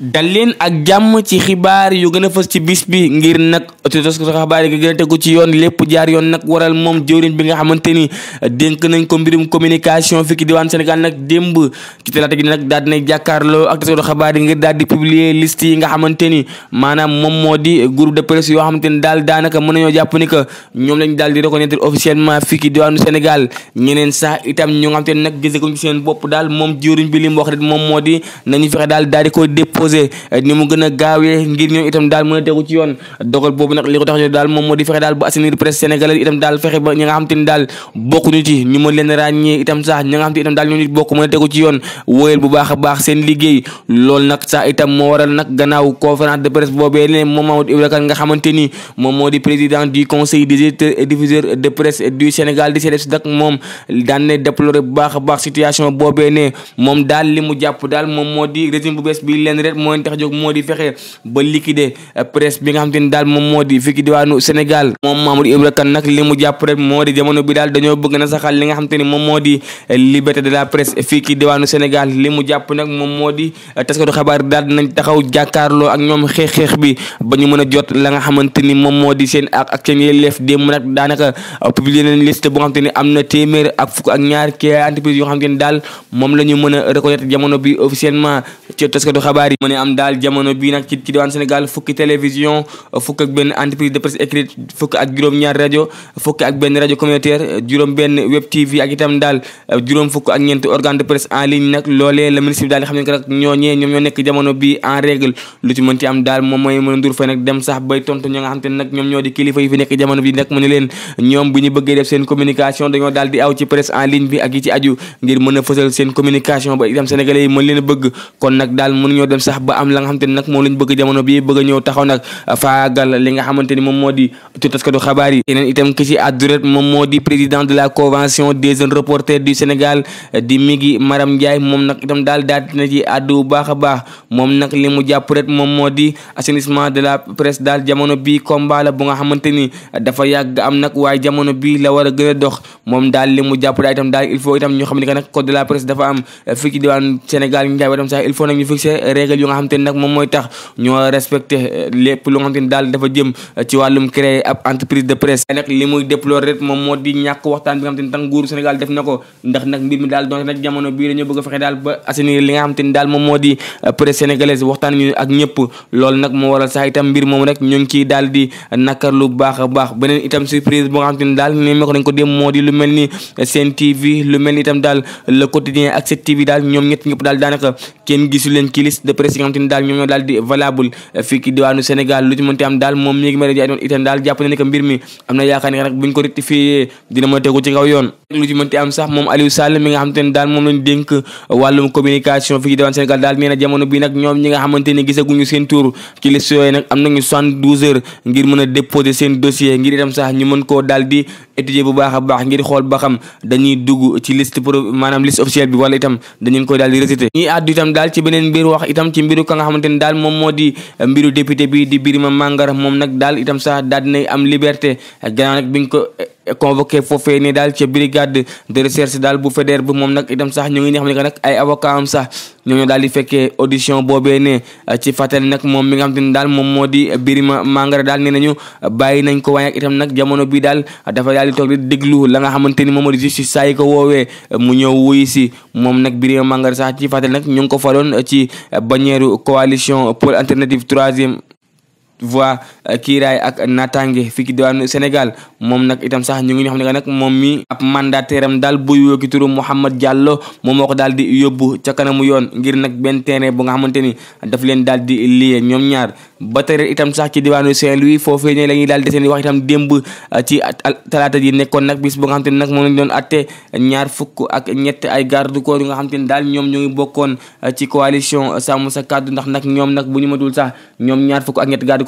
dal leen ak jàmm ci xibaar yoo gën a fës ci bis bi ngir nag autorités xabaar yi gën a tegu ci yoon lépp jaar yoon nag waral moom jëwriñ bi nga xamante ni dénk nañ ko mbirum communication fii ci diwaan Sénégal nag démb ci talaata nag daal dinay jàkkaarloo ak tasoo xabaar yi ngir daal di publier liste yi nga xamante ni maanaam moom moo di groupe de presse yoo xamante ni daal daanaka mën nañoo jàpp ni que ñoom lañ daal di reconnaître officiellement fii ci diwaanu Sénégal ñeneen sax itam ñu nga xamante ni nag gisaguñ seen bopp daal moom jëwriñ bi li mu wax rek moom moo di nañu fexe daal daal di koy déposé euh, ni mu gën a gaawee ngir ñoom itam daal mën a tegu ci yoon dogal boobu nag li ko tax ñu daal itam daal fexe ba ñi nga xam te ni daal bokkuñu ci ñu mën leen itam sax ñi nga itam daal ñoo ñu bokk mën a tegu ci yoon wóyal bu baax a baax seen liggéey loolu nag sax itam moom moo di président du conseil des éditeurs de presse du Sénégal di CDEPS moom daan ne baax a baax situation boobee ne moom daal li jàpp daal moom moo leen tax jóg moo di fexe eh, bi nga xam te ni daal moom moo di fii daal dañoo ni moom moo eh, moo di eh, taskatu xabaar daal taxaw jàkkaarloo ak ñoom xeex-xeex bi ba mën a jot la nga xamante moom moo seen ak ak seen yelleef démb nag daanaka publier nañ liste boo xam te am na téeméer ak fukk ak ñaar ki entreprise yoo xam te daal moom la mën a reconnaître jamono bi officiellement ci taskatu mu ne am daal jamono bii nag ci diwaan Sénégal fukki télévision fukk ak benn entreprise de presse écrite fukk ak juróom-ñaar rajo fukk ak benn rajo communautaire juróom benn web tv ak itam daal juróom fukk ak nekk jamono bii en règle lu ci mën am daal moom mooy mën a ndur fay nag dem sax bay tontu ñoo nga xam te nag ñoom ñoo di kilifa fi nekk jamono bi nag mu ne leen ñoom bu ñu bëggee def seen communication dañoo daal di aw ci presse en ligne sax ba am la nga xamante ni nag moom lañ bëgg jamono bi bëgg a ñëw taxaw nag faagal li a baax moom nag li mu la bi combat la bu nga xamante am nag waaye jamono bi la war a gën a dox moom daal li mu jàpp daal la presse dafa am fii yu nga xam te ni nag moom mooy tax ñoo respecté euh, lépp lu nga xam te daal dafa jëm euh, ci wàllum créer ab entreprise de presse nag li moo di ñàkk waxtaan bi nga xam te ni tan nguuru na ko a fexe daal ba assainir li nga xam te ni daal moom moo di euh, presse sénégalaise waxtaan ñu ak ñëpp loolu nag moo waral sax itam mbir moom rek ñu ngi ciy lu a moo di lu mel ni seen TV lu mel ni itam daal le quotidien ak set TV daal ñoom ñett ñëpp daal daanaka kenn gisu leen ci de presse si nga xam te daal ñoom ñoo daal di valable eh, fii ki Sénégal lu ci am daal moom mi ngi mel ne itam daal jàpp ni que mbir am na yaakaar nag buñ ko rectifié dina mën a tegu ci kaw yoon lu ci am sax moom Aliou Sall mi nga xam te daal moom lañ dénk wàllum communication fii ki Sénégal daal nee na jamono ngir mën a seen dossier ngir itam sax ñu mën koo daal di étudier bu baax a baax ngir xool ba xam dañuy ci liste pro maanaam liste officielle bi wala itam dañu koy daal di rejeté ñuy itam daal ci beneen mbir wax itam ci mbiru ka nga xamante daal moom eh, mbiru député bi di Birima Mangara moom daal itam sax daal dinay am liberté gannaaw nag bi ko eh, convoqué foofee ne daal ca brigade de recherche daal bu fédère bu moom nag itam sax ñu ngi ne xam ne que nag ay avocat am sax ñooñu daal di fekkee audition boobee ne euh, ci fàttali nag moom mi nga xam te ne daal moom moo di Birima Mangara daal nee nañu bàyyi nañ ko waaye itam nag jamono bi daal dafa daal di toog di déglu la nga xamante ni moom moo di justice saa ko woowee mu ñëw wuyu si moom nag Birima Mangara sax ci fàttali nag ñu ngi ko faloon ci bannière coalition pôle alternative troisième voix euh, kiiraay ak naataange fii ci diwaanu Sénégal moom nag itam sax ñu ngi ñoo xam ne moom mi ab mandataire am daal buy wékki turu Mouhamed Diallo moom moo ko daal di yóbbu ca kanamu yoon ngir nag benn terrain bu nga xamante ni daf leen daal di lié ñoom ñaar ba tere itam sax ci diwaanu Saint-Louis foofee ne la ñuy daal di seen wax itam démb euh, ci talaata ji nekkoon nag bis bu nga ni nag moom lañ doon atte fukk ak ñett ay garde corps yu nga xamante ni daal ñoom ñoo ngi bokkoon euh, ci coalition sàmm sa kàddu ndax nag ñoom nag bu ñu matul sax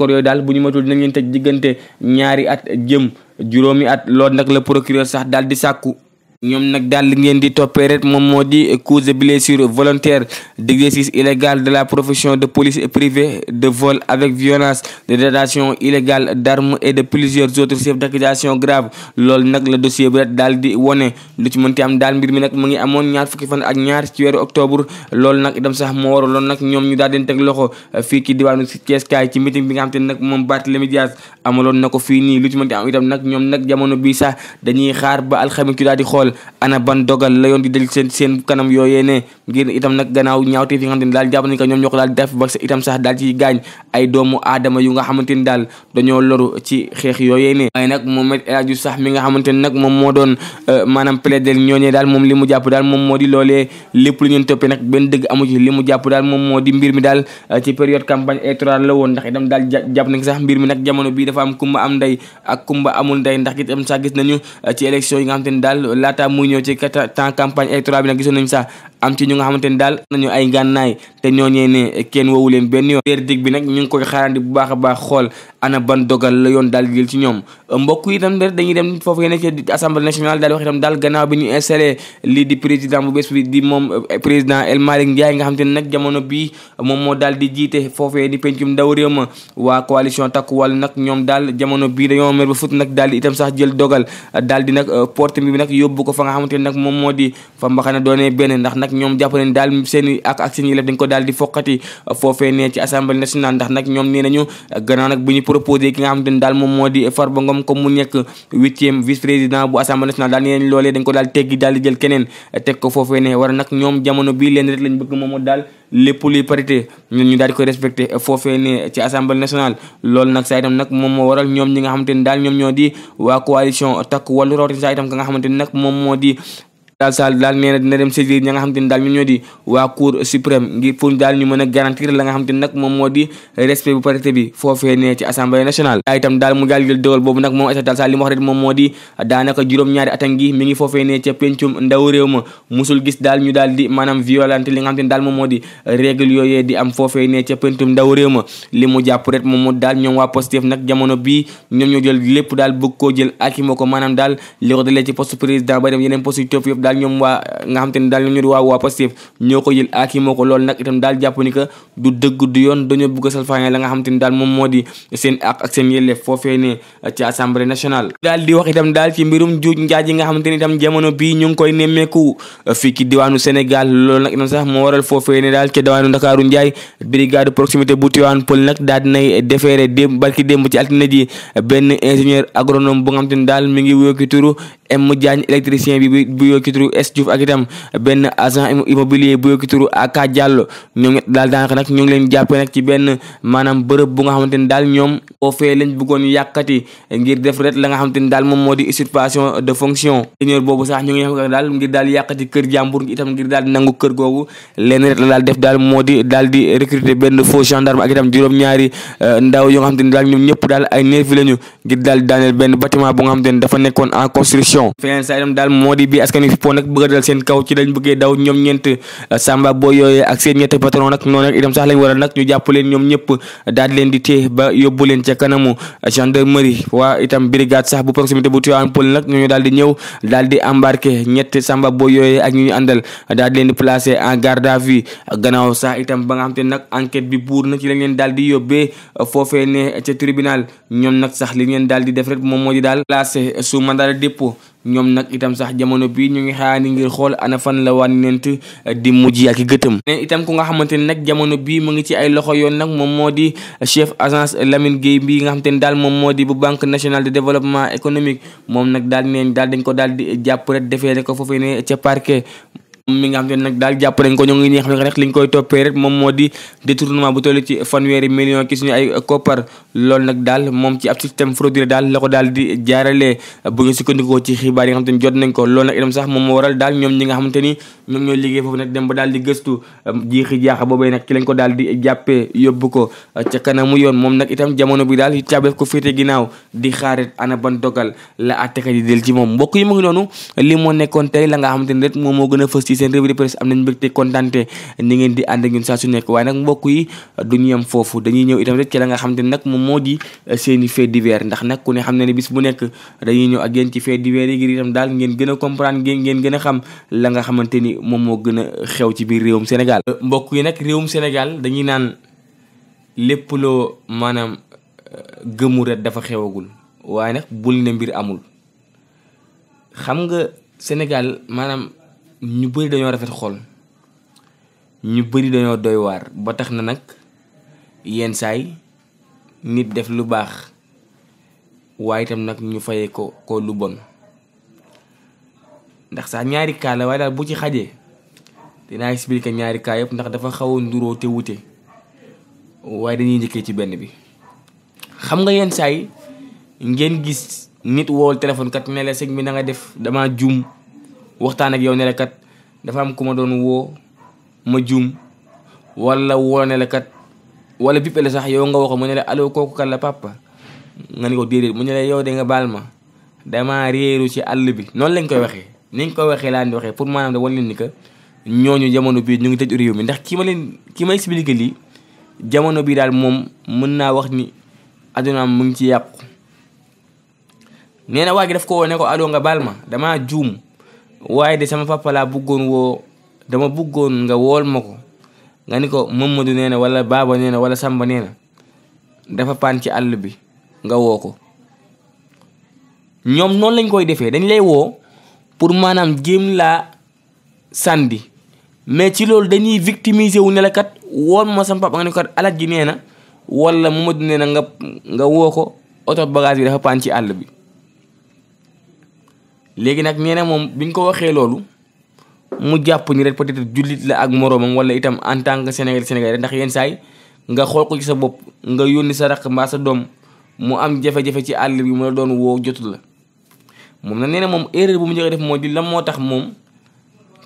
gàllankoor yooyu daal bu ñu matul dinañ leen tëj diggante ñaari at jëm juróomi at loolu nag la procureur sax daal di sakku ñoom nag daal li ngeen di toppee rek moom moo di cause de blessure volontaire d'exercice illégal de la profession de police privée de vol avec violence de détention illégale d'armes et de plusieurs autres chefs d'accusation graves loolu nag la dossier bi rek daal di wone lu ci am daal mbir mi nag mu ngi amoon ñaar fukki fan ak ñaar ci weeru octobre loolu nag itam sax moo waral loolu nag ñoom ñu daal di teg loxo fii ci diwaanu Thiès kaay ci meeting bi nga moom Barthélémy Dias amaloon na ko fii nii lu ci mënti ana ban dogal la yoon di del seen seen kanam yooyee ne ngir itam nag gannaaw ñaawteef yi nga xamante ni daal jàpp nañ ko ñoom ñoo ko daal def ci gaañ ay doomu aadama yu nga xamante ni daal dañoo loru ci xeex yooyee ne waaye nag moom El Hadji Diouf sax mi nga xamante ni nag moom moo doon euh, maanaam plaider ñooñee daal moom li mu jàpp daal moom moo di loolee lépp lu ñun toppee nag benn dëgg amu ci li mu jàpp daal moom moo di mbir mi daal euh, ci période campagne électorale la woon ndax itam daal jàpp nañ sax mbir mi nag jamono bii dafa am kumba am ndey ak kumba amul ndey ndax itam sax gis nañu euh, ci élection yi nga xamante ni daal laata muy ñëw ci temps campagne électorale bi nag gisoon nañu sax am ci ñu nga xamante ni daal nañu ay gànnaay te ñooñee ne kenn woowu leen benn yoon verdict bi nag ñu ngi koy xaarandi bu baax a baax xool ana ban dogal la yoon daal jël ci ñoom mbokk yi itam dañuy dem foofu yéen ci assemblée nationale daal wax itam daal gannaaw bi ñu installé lii di président bi moom eh, président El Malick Ndiaye nga xamante di jiite foofee di pencum ndaw réew ma waa coalition takku wàllu nag ñoom daal jamono bii dañoo mer ba fut nag daal di itam sax jël dogal eh, daal di nag eh, porte bi nag yóbbu ko fa nga xamante ne nag moom moo di fa mbaxana doonee benn ndax nag nag ñoom jàpp nañ daal seen i ak ak seen yelef dañ ko daal di foqati foofee nee ci assemblée leen rek lañ bëgg moomoo daal lépp luy parité ñoom ñi waa coalition takk wàllu rawatina saa itam ka nga xamante ne nag daal Sall daal nee na dina dem saisir ña nga xam te ne daal ñoom ñoo di waa cour suprême ngir pour daal ñu mën a garantir la nga xam te ne nag moom moo di respect bu parité bi foofee nee ci assemblée nationale daa itam daal mu daal jël dogal boobu nag moom Aïssata Tall Sall li mu wax rek moom moo di daanaka juróom-ñaari atam gi mi ngi foofee nee ca pencum ndaw réew ma musul gis daal ñu daal di maanaam violente li nga xam te ne daal moom moo di règle yooyee di am foofee nee ca pencum ndaw réew ma li mu jàpp rek moom moo daal ñoom waa Pastef nag jamono bii ñoom ñoo jël lépp daal bëgg koo jël ak moo ko maanaam daal li ko dalee ci poste président ba dem yeneen poste yu topp yëpp daal daal ñoom waa nga xam te ne daal ñoom ñoo di waa waa Pastef ñoo ko jël ak yi ko loolu nag itam daal jàpp ni que du dëgg du yoon dañoo bëgg a salfaañe la nga xam te ne daal moom moo di seen ak ak seen yelleef foofee ci assemblée nationale di wax itam daal ci mbirum juuj njaaj nga xam te itam jamono bii ñu koy nemmeeku fii ci diwaanu Sénégal loolu nag itam sax moo waral daal ci diwaanu Ndakaaru Njaay brigade proximité bu Tivaouane Peulh daal dinay déféré démb barki M Diagne électricien bi bu yoo ki turu S Diouf ak itam benn agent immobilier bu yoo ki turu AK Diallo ñoom ñett daal daanaka nag ñu ngi leen jàppee nag ci benn maanaam bërëb bu nga ni daal ñoom foofee lañ bëggoon ni daal moom moo di usurpation de fonction seigneur boobu sax ñu ngi xam daal ngir daal yàkkati kër jàmbur itam ngir daal nangu kër googu leen ret la daal daal moo di daal di recruter benn faux gendarme ak itam juróom-ñaari euh, ndaw yoo nga xamante ni daal ñoom ñëpp daal ay nervi lañu ngir daal daaneel benn bâtiment bu nga xamante ni dafa nekkoon en construction élection feneen sa itam daal moo di bi askan wi fippoo nag bëgg a dal seen kaw ci lañ bëggee daw ñoom ñeent uh, samba boo yooyee ak seen ñetti patron nag noonu nag itam sax lañ waral uh, daal di leen di uh, bu proximité bu Tivaouane Peulh nag daal di ñëw daal di embarqué ñetti boo yooyee ak ñu ñu àndal daal di leen di placé en garde à vue gannaaw sax ba nga xam te nag enquête bi buur na ci lañ leen daal di yóbbee foofee ne ca tribunal ñoom nag sax li ngeen daal di def moom moo di daal placé sous mandat de ñoom nag itam sax jamono bii ñu ngi xaani ngir xool ana fan la wànnent eh, di mujj ak gëtëm neen itam ku nga xamante ne nag jamono bii mu ngi ci ay loxo yoon nag moom moo di chef agence Lamine Gueye bii nga xamante ne daal moom moo di bu banque nationale de développement économique moom nag daal neen daal dañ ko daal di jàpp rek defee rek ko foofee ca parquet moom mi nga xam te nag daal jàpp nañ ko ñoo ngi ñi nga xam ne rek moom moo bu toll ci fanweeri million ci suñu ay koppar loolu nag daal moom ci ab système frauduleux di jaaralee bu itam ba daal jamono bi daal caabeef ko féete ginnaaw di xaarit ana ban la àttekat yi del ci moom mbokk yi mu ngi noonu li moo la nga xamante ni rek moom moo gën a ci seen revue de presse am nañ mbégte kontante ni ngeen di ànd ak saa su nekk waaye nag mbokk yi du ñu yem foofu dañuy ñëw itam rek la nga xam te nag moom moo di eh, seen i fait divers ndax nag ku ne xam ne ne bis bu nekk dañuy ñëw ak yéen ci fait divers yi daal ngeen gën a comprendre ngeen ngeen gën a xam la nga xamante ni moom moo gën a xew ci biir réewum Sénégal eh, mbokk yi nag réewum Sénégal dañuy naan lépp loo maanaam eh, gëmu rek dafa xewagul waaye nag bul ne mbir amul xam nga Sénégal maanaam ñu bëri dañoo rafet xol ñu bëri dañoo doy waar ba tax na nag yenn saay nit def lu baax waaye itam nag ñu fayee ko ko lu bon ndax sax ñaari kaa la waaye daal bu ci xajee dinaa expliquer ñaari kaa yëpp ndax dafa xaw a nduroo te wute waaye dañuy njëkkee ci benn bi xam nga yenn saay ngeen gis nit wool téléphone kat ne la sëñ bi na def dama juum waxtaan ak yow ne la kat dafa am ku ma doon woo ma juum wala woo ne la kat wala bippale sax yow nga waxoon mu ne la allo kooku kan la pàppa nga ne ko déedéet mu ne la yow de nga baal ma damaa réeru ci àll bi. noonu lañ koy waxee ni ñu koy laa di waxee pour maanaam da wala leen ni que ñooñu jamono bii ñu ngi tëj réew mi ndax ki ma leen ki ma expliqué lii jamono bii daal moom mën naa wax ni addunaam mu ngi ci yàqu nga baal ma damaa juum. waaye de sama papa laa bëggoon woo dama buggoon nga wool ma ko nga ni ko Mamadou nee na wala Baba nee na wala Samba nee na dafa paan ci àll bi nga woo ko ñoom noonu lañ koy defee dañ lay woo pour maanaam jéem laa sàndi mais ci loolu dañuy victimiser wu ne la kat wool ma sama papa nga ni ko kat alaj ji nee na wala Mamadou nee na nga nga woo ko oto bagage bi dafa paan ci àll bi léegi nag nee na moom bi ñu ko waxee loolu mu jàpp ni rek peut-être jullit la ak moroomam wala itam en tant que Sénégal Sénégal ndax yenn saay nga xool ko ci sa bopp nga yónni sa rakk mbaa sa doom mu am jafe-jafe ci àll bi mu la doon woo jotul la moom nag nee na moom erreur bu mu njëkk def moo di lan moo tax moom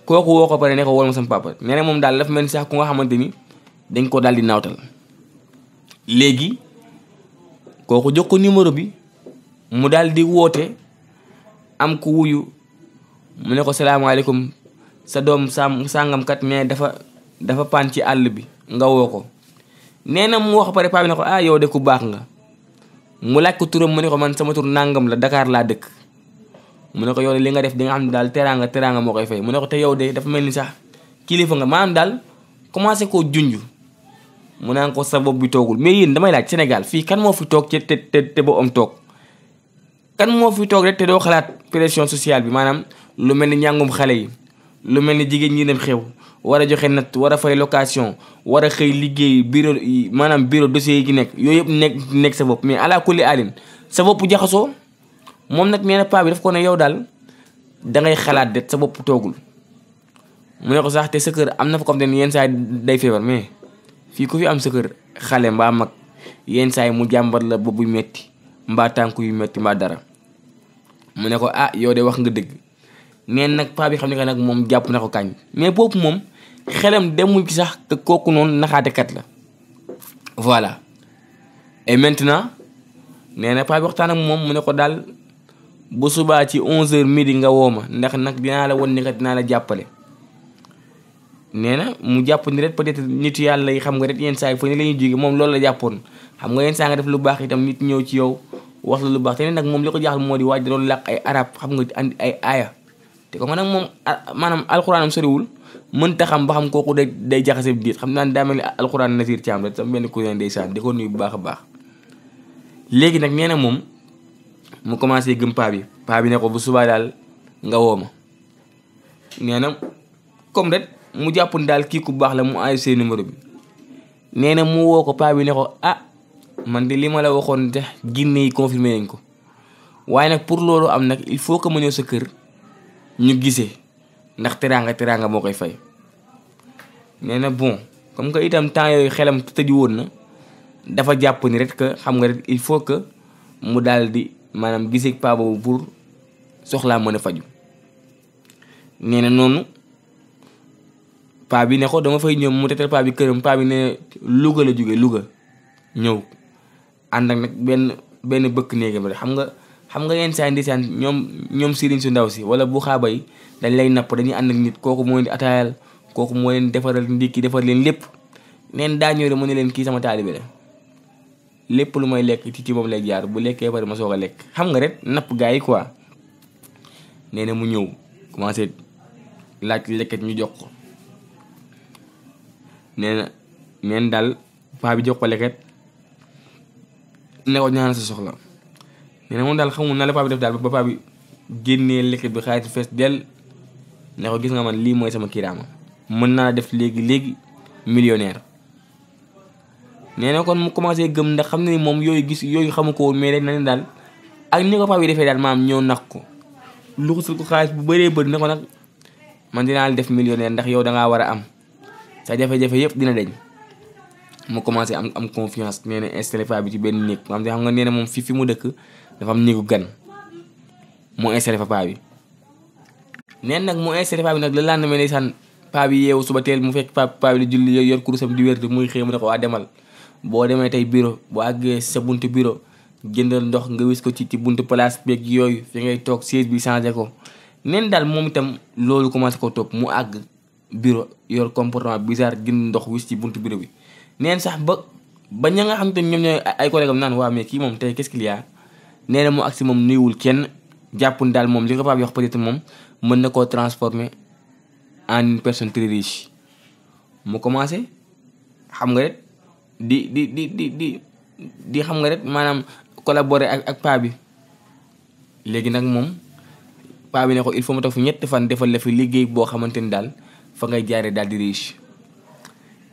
kooku woo ko pare ne ko wol ma sama papa nee moom daal dafa mel ni sax ku nga xamante ni dañ ko daal di naawtal léegi kooku jox ko numéro bi mu daal di woote. am ku wuyu mu ne ko salaamaaleykum sa doom sàmm sàngamkat mais dafa dafa paan ci àll bi nga woo ko nee na mu wax pare paa na ko ah yow de ku baax nga mu laaj ko turam mu ne ko man sama tur nangam la dakaar laa dëkk mu ne ko yow de li nga def di nga xam ne daal teraanga teraanga moo koy fay mu ne ko te yow de dafa mel ni sax kilifa nga maanaam daal commencé koo junj mu naan ko sa bopp bi toogul mais yéen damay laaj Sénégal fii kan moo fi toog ci te ba am toog. kan moo fi toog rek te doo xalaat pression sociale bi maanaam lu mel ni njàngum xale yi lu mel ni jigéen ñi dem xew war a joxe natt war a fay location war a xëy liggéey bureau maanaam bureau dossier yi nekk yooyu yëpp nekk nekk sa bopp mais ala kulli alin sa bopp jaxasoo moom nag nee na paa bi daf ko ne yow daal dangay xalaat de sa bopp toogul mu ne ko sax te sa kër am na fa comme te yenn saa day feebar mais fii ku fi am sa kër xale mbaa mag yenn saa mu jàmbar la ba metti mbaa tànk yu metti mbaa dara mu ne ko ah yow de wax nga dëgg neen nag paa bi xam ne que nag moom jàpp na ko kañ mais boobu moom xelam demul ci sax te kooku noonu naxaatekat la voilà et maintenant nee na paa waxtaan ak moom mu ne ko daal bu subaa ci onze heures midi nga woo ma ndax nag dinaa la won ni que dinaa la jàppale nee na mu jàpp ni rek peut-être nitu yàlla yi xam nga rek yenn saa ni la ñuy jóge moom loolu la jàppoon xam nga yenn saa nga def lu baax itam nit ñëw ci yow wax la lu baax te ne moom li ko jaaxal moo di waaj da doon xam nga andi ay aaya te ko nag xam ba xam kooku day day jaxase bi diit xam naa daa mel ni alxuraan Nasir Thiam la sama benn cousin ndeysaan di ko nuyu léegi nag nee na moom mu commencé gëm paa bi paa bi ne ko bu subaa daal nga woo ma nee na comme rek mu jàpp daal kii ku baax la mu enregistré numéro bi nee mu woo ko paa ne ko ah, man de li ma la waxoon de jinne yi confirmé ko waaye nag pour loolu am nag il faut que ma ñëw sa kër ñu gisee ndax teraanga teraanga moo koy fay. nee na bon comme que itam temps yooyu xelam tëju woon na dafa jàpp ni rek que xam nga rek il faut que mu daal di maanaam gisee paa boobu pour soxlaa mën a faju nee na noonu paa bi ne ko dama fay ñëw mu tetal paa bi këram paa bi ne Louga la jóge Louga ñëw ànd ak nag benn benn bëkk néegam rek xam nga xam nga yenn saa yi ñoom ñoom sëriñ su ndaw si wala bu xaaba yi dañ lay napp dañuy ànd nit kooku moo leen di ataayal kooku moo leen defaral ndikki defar leen lépp neen daa mu ne leen kii sama taalibe la lépp lu may lekk ci ci moom lay jaar bu lekkee pare ma soog a lekk xam nga rek napp yi quoi nee na mu ñëw commencé laaj lekket ñu jox ko nee na neen daal paa bi jox ko lekket la ko ñaanal sa soxla nee na moom daal xamul na la paa daal ba bi génnee lekket bi xaalis fees dell ne ko gis nga man lii mooy sama kiraama mën naa def léegi léegi millionnaire. nee na kon mu commencé gëm ndax xam ne moom yooyu gis yooyu xamu ko woon mais rek na ne daal ak ni ko paa bi defee daal maam ñëw nax ko lu xusul ko xaalis bu bëree bëri ne ko nag man dinaa def millionnaire ndax yow da ngaa war a am sa jafe-jafe yëpp dina deñ mu commencé am am confiance nee na installé bi ci benn néeg xam nga nee na moom fi fi mu dëkk dafa am néegu gan mu installé fa paa bi. neen nag mu installé paa bi nag la lendemain ndeysaan paa bi yeewu suba teel mu fekk paa paa bi di julli yor kurusam di wér muy xëy mu ne ko waa demal boo demee tey bureau boo àggee sa bunt bureau jëndal ndox nga wis ko ci ci buntu place beeg yooyu fi ngay toog siège bi changé ko. neen daal moom itam loolu commencé ko topp mu àgg bureau yor comportement bizarre jënd ndox wis ci bunt bureau bi. neen sax ba ba ña nga xam te ñoom ñooy ay collègue naan waa mais moom tey qu'est-ce qu'il mu agsi moom nuyuwul kenn jàppun daal moom li ko Pape yox peut moom mën na koo transformer en personne très riche mu commencé xam nga rek di di di di di di xam nga rek maanaam collabore ak ak paa bi léegi nag moom paa bi ne ko il faut ma toog fi ñetti fan defal la fi liggéey boo xamante ni daal fa ngay jaaree daal di riche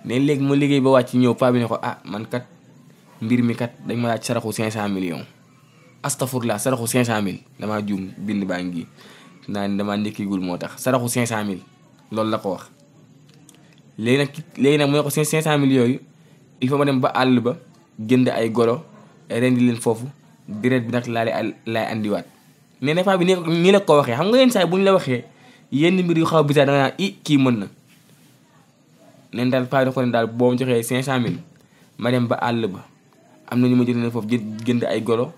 mais léegi ma liggéey ba ci ñëw paa bi ne ko ah man kat mbir mi kat dañ ma laaj saraxu 500 millions astafurla saraxu 500000 damaa juum bind baa ngi naa ne damaa moo tax saraxu 500000 loolu la ko wax. léegi nag léegi nag mu ne ko 500000 yooyu il faut ma dem ba àll ba jënd ay golo rendi leen foofu deret bi nag laa lay laay andiwaat. mais ne paa bi nii la ko waxee xam nga yenn saa bu ñu la waxee yenn mbir yu xaw a bisaa i kii mën na. nen daal paa ko ne daal boo ma joxee cinq cent mille ma dem ba àll ba am na ñu ma jëndee foofu jë jënd ay golo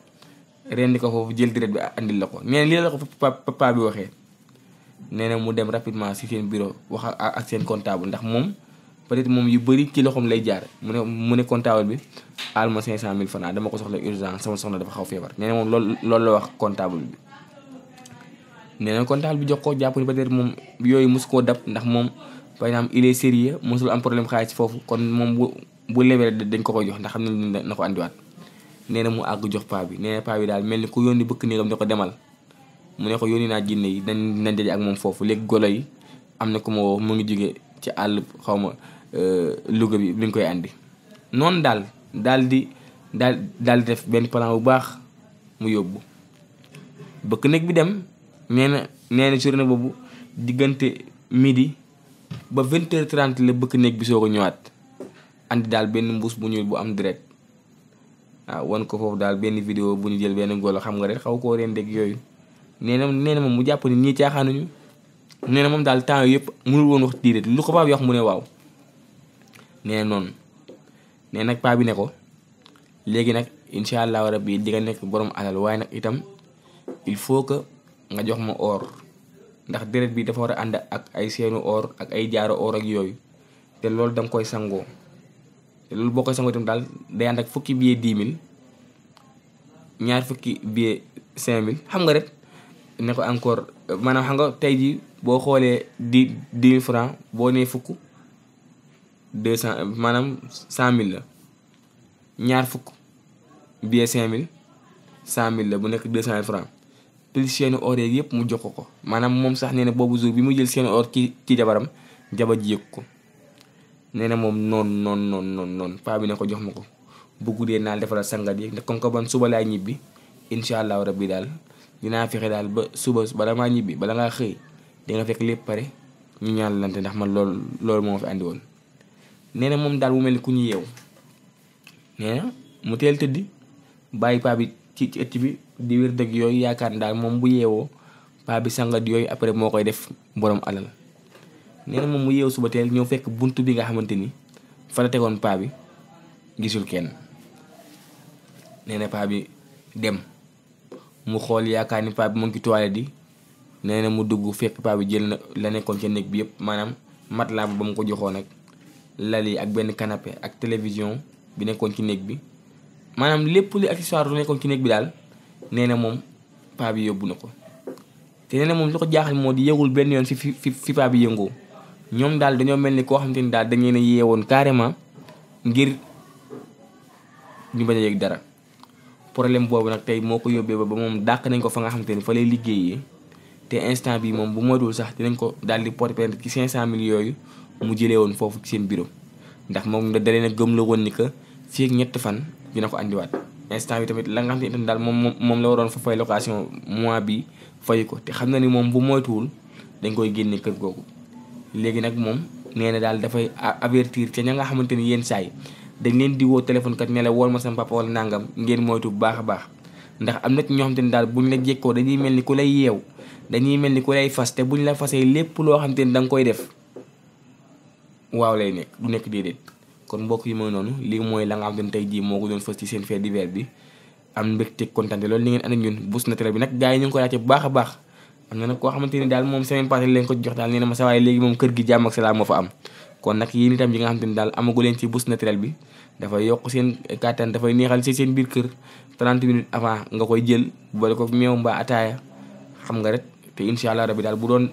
rendi ko foofu jël direct bi andil la ko nee na lii la ko papa bi waxee nee na mu dem rapidement si seen bureau wax ak seen comptable ndax moom peut-être moom yu bëri ci loxoom lay jaar mu ne mu ne comptable bi aal ma cinq cent mille francs dama ko soxla urgent sama soxna dafa xaw feebar nee na moom loolu la wax comptable bi nee na ko jàpp ni peut-être moom yooyu koo dab ndax moom par exemple il est sérieux mosul am problème xaalis foofu kon moom bu bu lebee dañ ko koy jox ndax am ne na ko andiwaat nee na mu àgg jox paa bi nee na paa bi daal mel ni ku yónni bëkk néegam ne ko demal mu ne ko yónni naa jinne yi nañ nañ daje ak moom foofu léegi golo yi am na ku ma mu ngi jóge ci àll xaw ma euh, Louga bi mi koy andi daal daal di daal daal def benn plan bu baax mu yóbbu bëkk néeg bi dem nee na nee na boobu diggante midi ba vingt heures trente la bëkk néeg bi soo ko ñëwaat andi daal benn mbuus bu ñuul bu am direct waaw ah, wan ko foofu daal benn vidéo bu ñu jël benn góor xam nga rek xaw koo reen dégg yooyu nee na nee na moom mu jàpp ne ñii caaxaanuñu nee na moom daal temps yëpp mënul woon wax diiréet lu ko paa bi wax mu ne waaw nee noonu nee nag paa bi ne ko léegi nag incha allah rabbi di nga nekk borom alal waaye nag itam il faut que nga jox ma or. ndax deret bi dafa war a ànd ak ay seenu or ak ay jaaro or ak yooyu te loolu danga koy sangoo te loolu boo koy sangoo daal day ànd ak fukki billet dix mille ñaar fukki billet cinq mille xam nga rek ne ko encore maanaam xam nga tey jii boo xoolee dix dix mille francs boo nee fukk deux cent maanaam cent mille la ñaar fukk billet cinq mille cent mille la bu nekk deux cent mille francs plus seeni or yeeg yëpp mu jox ko ko maanaam moom sax nee na boobu jour bi mu jël seeni or ci jabaram jabar ji yëg ko nee na moom noon noon noon noonu noonu paa bi ne ko jox ma ko bu guddee naa defaral sangat yi comme que ban suba laay ñibbi incha allahu rabbi daal dinaa fexe daal ba suba bala maa ñibbi bala ngaa xëy danga nga fekk lépp pare ñu ñaan lante ndax man loolu loolu moo fi andi woon nee na moom daal mu mel ni ku ñu yeew nee mu teel tëddi bàyyi paa ci ci ëtt bi di wér dëgg yooyu yaakaar ne daal moom bu yeewoo paa bi sangat yooyu après moo koy def borom alal nee moom mu yeewu suba teel ñëw fekk bunt bi nga xamante ni fa la tegoon paa bi gisul kenn nee na paa bi dem mu xool yaakaar ni paa bi mu ngi di nee na mu dugg fekk paa bi jël na la nekkoon ci néeg bi yëpp maanaam matelas ba mu ko joxoon ak lal yi ak benn canapé ak télévision bi nekkoon ci néeg bi maanaam lépp li accessoire lu nekkoon ci néeg bi daal nee na moom paa bi yóbbu na ko te nee na moom li ko jaaxal moo di yëgul benn yoon si fi fi fi paa bi yëngoo ñoom daal dañoo mel ni koo xamante ni daal dañu leen a yeewoon carrément ngir ñu bañ a dara problème boobu nag tey moo ko yóbbee ba moom dàq nañ ko fa nga xamante ni fa lay liggéeyee te instant bi moom bu moytuwul sax dinañ ko daal di porter plainte ci 500000 yooyu mu jëlee woon foofu seen bureau ndax moom da leen gëm la woon ni que fii ak ñett fan. dina ko andiwaat instant bi tamit la nga xam ne daal moom moom la waroon fa fay location mois bi fayu ko te xam na ni moom bu moytuwul dañ koy génne kër googu léegi nag moom nee na daal dafay avertir ca ña nga xamante ni yéen saa dañ leen di woo téléphone kat ne wool ma sama papa wala nangam ngeen moytu bu baax a baax ndax am na ci ñoo xamante ni daal buñ la jekkoo dañuy mel ni ku lay yeew dañuy mel ni ku lay fas te buñ la fasee lépp loo xamante ni da koy def waaw lay nekk nekk déedéet. kon mbokk yi mooy noonu lii mooy la nga tey jii moo ko doon fës ci seen fait divers bi am mbégte kontaan loolu li ngeen ànd ak ñun bus naturel bi nag gars yi ñu ngi ko laajte bu baax a baax am na nag koo xamante ni daal moom semaine passée leen ko na ma sa waaye léegi moom kër gi nga xamante ni daal amagu leen ci bus naturel bi dafay yokk seen kàttan dafay neexal ci seen biir kër 30 minutes avant nga koy jël boole ko meew mbaa ataaya xam nga rek te incha allah bi daal bu doon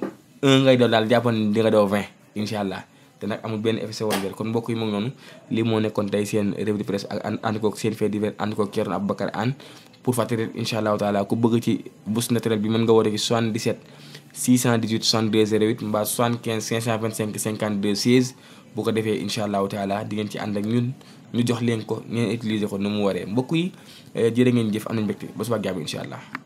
1 ngay doon daal jàppan di nga doo 20 incha allah te nag amul benn effet secondaire kon mbokk yi mu ngi noonu lii moo nekkoon tey seen revue de presse ak ànd koog seen fait divers ànd koog Thierno Aboubacar Anne pour fàttali incha allahu taala ku bëgg ci bourse naturelle bi mën nga woote ci 77 618 62 08 mbaa 75 525 52 16 bu ko defee incha allahu taala di ngeen ci ànd ñu jox leen ko ngeen utiliser ko nu mu waree mbokk yi eh, jërë ngeen jëf am nañ mbégte ba suba jàmm incha allah.